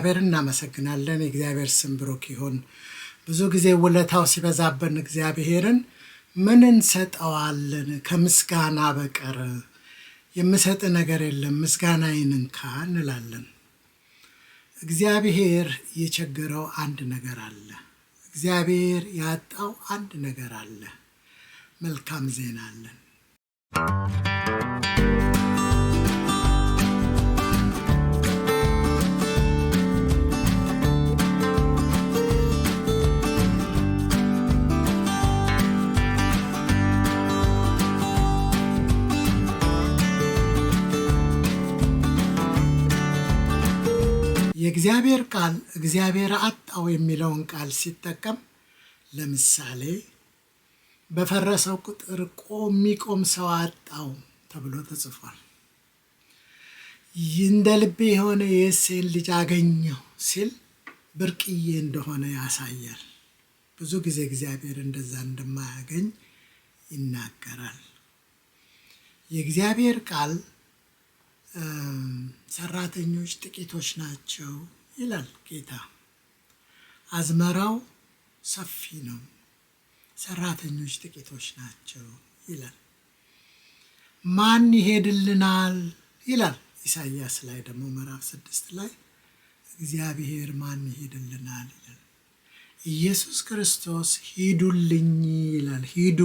እግዚአብሔር እናመሰግናለን። የእግዚአብሔር ስም ብሩክ ይሁን። ብዙ ጊዜ ውለታው ሲበዛብን እግዚአብሔርን ምን እንሰጠዋለን ከምስጋና በቀር? የምሰጥ ነገር የለም ምስጋና ይንንካ እንላለን። እግዚአብሔር የቸገረው አንድ ነገር አለ። እግዚአብሔር ያጣው አንድ ነገር አለ። መልካም ዜና አለን። የእግዚአብሔር ቃል እግዚአብሔር አጣው የሚለውን ቃል ሲጠቀም ለምሳሌ በፈረሰው ቁጥር የሚቆም ሰው አጣው ተብሎ ተጽፏል። እንደ ልቤ የሆነ የእሴይን ልጅ አገኘው ሲል ብርቅዬ እንደሆነ ያሳያል። ብዙ ጊዜ እግዚአብሔር እንደዛ እንደማያገኝ ይናገራል። የእግዚአብሔር ቃል ሰራተኞች ጥቂቶች ናቸው ይላል ጌታ። አዝመራው ሰፊ ነው፣ ሰራተኞች ጥቂቶች ናቸው ይላል። ማን ይሄድልናል ይላል ኢሳያስ ላይ ደግሞ ምዕራፍ ስድስት ላይ እግዚአብሔር ማን ይሄድልናል ይላል። ኢየሱስ ክርስቶስ ሂዱልኝ ይላል። ሂዱ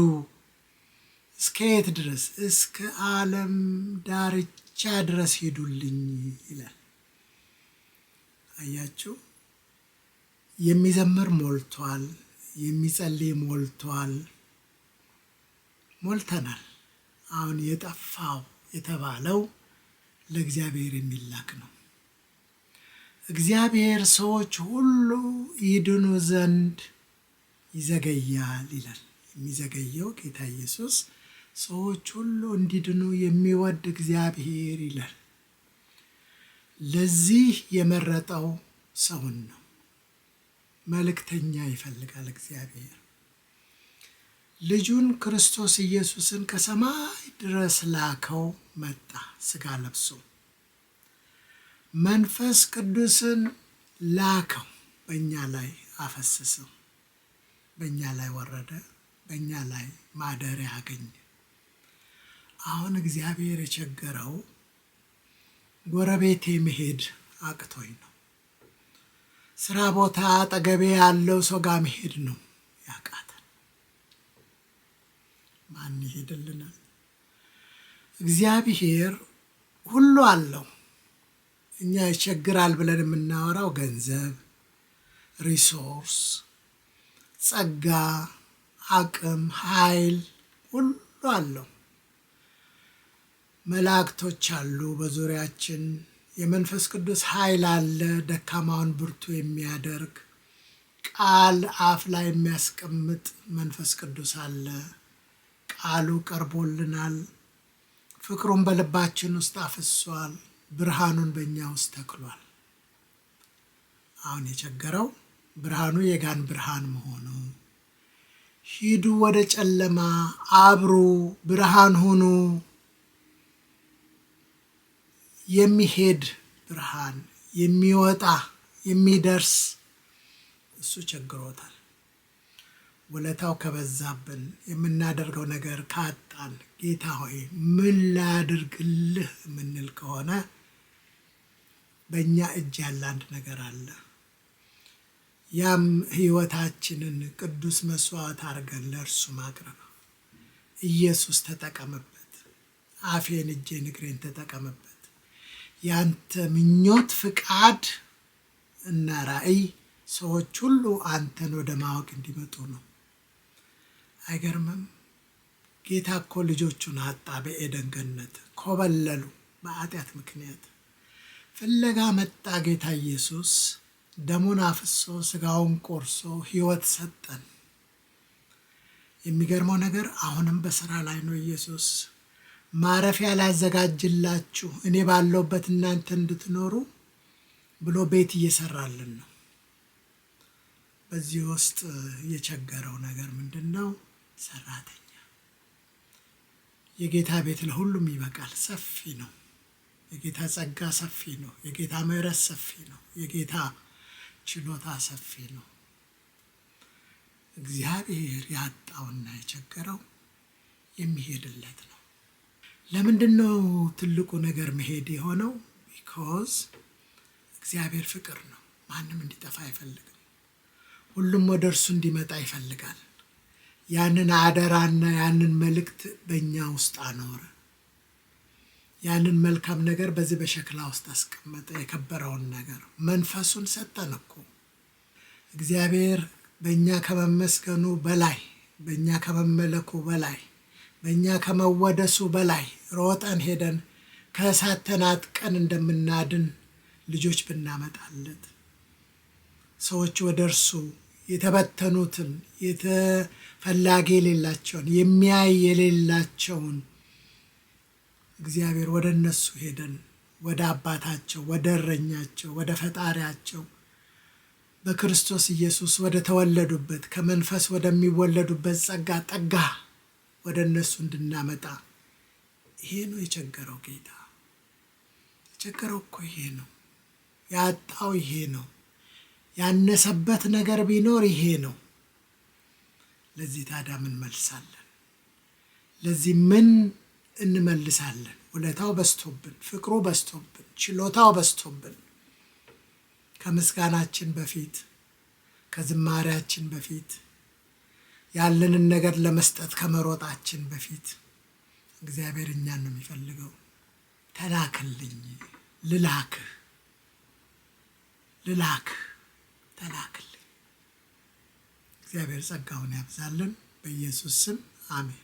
እስከ የት ድረስ? እስከ ዓለም ዳርቻ ብቻ ድረስ ሄዱልኝ ይላል። አያችሁ፣ የሚዘምር ሞልቷል፣ የሚጸልይ ሞልቷል። ሞልተናል። አሁን የጠፋው የተባለው ለእግዚአብሔር የሚላክ ነው። እግዚአብሔር ሰዎች ሁሉ ይድኑ ዘንድ ይዘገያል ይላል። የሚዘገየው ጌታ ኢየሱስ ሰዎች ሁሉ እንዲድኑ የሚወድ እግዚአብሔር ይላል። ለዚህ የመረጠው ሰውን ነው። መልእክተኛ ይፈልጋል እግዚአብሔር። ልጁን ክርስቶስ ኢየሱስን ከሰማይ ድረስ ላከው። መጣ ስጋ ለብሶ። መንፈስ ቅዱስን ላከው፣ በእኛ ላይ አፈሰሰው፣ በእኛ ላይ ወረደ፣ በእኛ ላይ ማደሪያ አገኘ። አሁን እግዚአብሔር የቸገረው ጎረቤቴ መሄድ አቅቶኝ ነው። ስራ ቦታ አጠገቤ ያለው ሰው ጋር መሄድ ነው ያቃተን። ማን ይሄድልናል? እግዚአብሔር ሁሉ አለው። እኛ ይቸግራል ብለን የምናወራው ገንዘብ፣ ሪሶርስ፣ ጸጋ፣ አቅም፣ ኃይል ሁሉ አለው። መላእክቶች አሉ በዙሪያችን። የመንፈስ ቅዱስ ኃይል አለ፣ ደካማውን ብርቱ የሚያደርግ ቃል አፍ ላይ የሚያስቀምጥ መንፈስ ቅዱስ አለ። ቃሉ ቀርቦልናል። ፍቅሩን በልባችን ውስጥ አፍሷል። ብርሃኑን በእኛ ውስጥ ተክሏል። አሁን የቸገረው ብርሃኑ የጋን ብርሃን መሆኑ። ሂዱ ወደ ጨለማ፣ አብሩ፣ ብርሃን ሁኑ የሚሄድ ብርሃን የሚወጣ የሚደርስ እሱ ቸግሮታል። ውለታው ከበዛብን የምናደርገው ነገር ካጣን ጌታ ሆይ ምን ላድርግልህ የምንል ከሆነ በእኛ እጅ ያለ አንድ ነገር አለ። ያም ሕይወታችንን ቅዱስ መስዋዕት አድርገን ለእርሱ ማቅረብ። ኢየሱስ ተጠቀምበት። አፌን፣ እጄን፣ እግሬን ተጠቀምበት። ያንተ ምኞት፣ ፍቃድ እና ራዕይ ሰዎች ሁሉ አንተን ወደ ማወቅ እንዲመጡ ነው። አይገርምም? ጌታ እኮ ልጆቹን አጣ። በኤደን ገነት ኮበለሉ በኃጢአት ምክንያት። ፍለጋ መጣ ጌታ ኢየሱስ ደሙን አፍሶ ስጋውን ቆርሶ ህይወት ሰጠን። የሚገርመው ነገር አሁንም በስራ ላይ ነው ኢየሱስ ማረፊያ ላዘጋጅላችሁ እኔ ባለሁበት እናንተ እንድትኖሩ ብሎ ቤት እየሰራልን ነው። በዚህ ውስጥ የቸገረው ነገር ምንድን ነው? ሰራተኛ። የጌታ ቤት ለሁሉም ይበቃል። ሰፊ ነው። የጌታ ጸጋ ሰፊ ነው። የጌታ ምሕረት ሰፊ ነው። የጌታ ችሎታ ሰፊ ነው። እግዚአብሔር ያጣውና የቸገረው የሚሄድለት ነው። ለምንድን ነው ትልቁ ነገር መሄድ የሆነው? ቢኮዝ እግዚአብሔር ፍቅር ነው። ማንም እንዲጠፋ አይፈልግም። ሁሉም ወደ እርሱ እንዲመጣ ይፈልጋል። ያንን አደራና ያንን መልእክት በእኛ ውስጥ አኖረ። ያንን መልካም ነገር በዚህ በሸክላ ውስጥ አስቀመጠ። የከበረውን ነገር መንፈሱን ሰጠን እኮ እግዚአብሔር በእኛ ከመመስገኑ በላይ በእኛ ከመመለኩ በላይ በእኛ ከመወደሱ በላይ ሮጠን ሄደን ከእሳት ተናጥቀን እንደምናድን ልጆች ብናመጣለት ሰዎች ወደ እርሱ የተበተኑትን የተፈላጊ የሌላቸውን የሚያይ የሌላቸውን እግዚአብሔር ወደ እነሱ ሄደን ወደ አባታቸው ወደ እረኛቸው ወደ ፈጣሪያቸው በክርስቶስ ኢየሱስ ወደ ተወለዱበት ከመንፈስ ወደሚወለዱበት ጸጋ ጠጋ ወደ እነሱ እንድናመጣ። ይሄ ነው የቸገረው ጌታ። የቸገረው እኮ ይሄ ነው ያጣው፣ ይሄ ነው ያነሰበት ነገር ቢኖር ይሄ ነው። ለዚህ ታዲያ ምን መልሳለን? ለዚህ ምን እንመልሳለን? ውለታው በስቶብን ፍቅሩ በስቶብን፣ ችሎታው በስቶብን ከምስጋናችን በፊት ከዝማሪያችን በፊት ያለንን ነገር ለመስጠት ከመሮጣችን በፊት እግዚአብሔር እኛን ነው የሚፈልገው። ተላክልኝ፣ ልላክህ፣ ልላክህ፣ ተላክልኝ። እግዚአብሔር ጸጋውን ያብዛልን። በኢየሱስ ስም አሜን።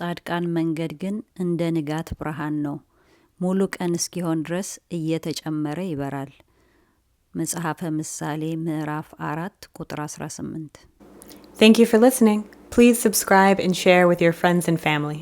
የጻድቃን መንገድ ግን እንደ ንጋት ብርሃን ነው፣ ሙሉ ቀን እስኪሆን ድረስ እየተጨመረ ይበራል። መጽሐፈ ምሳሌ ምዕራፍ አራት ቁጥር 18። Thank you for listening. Please subscribe and share with your friends and family.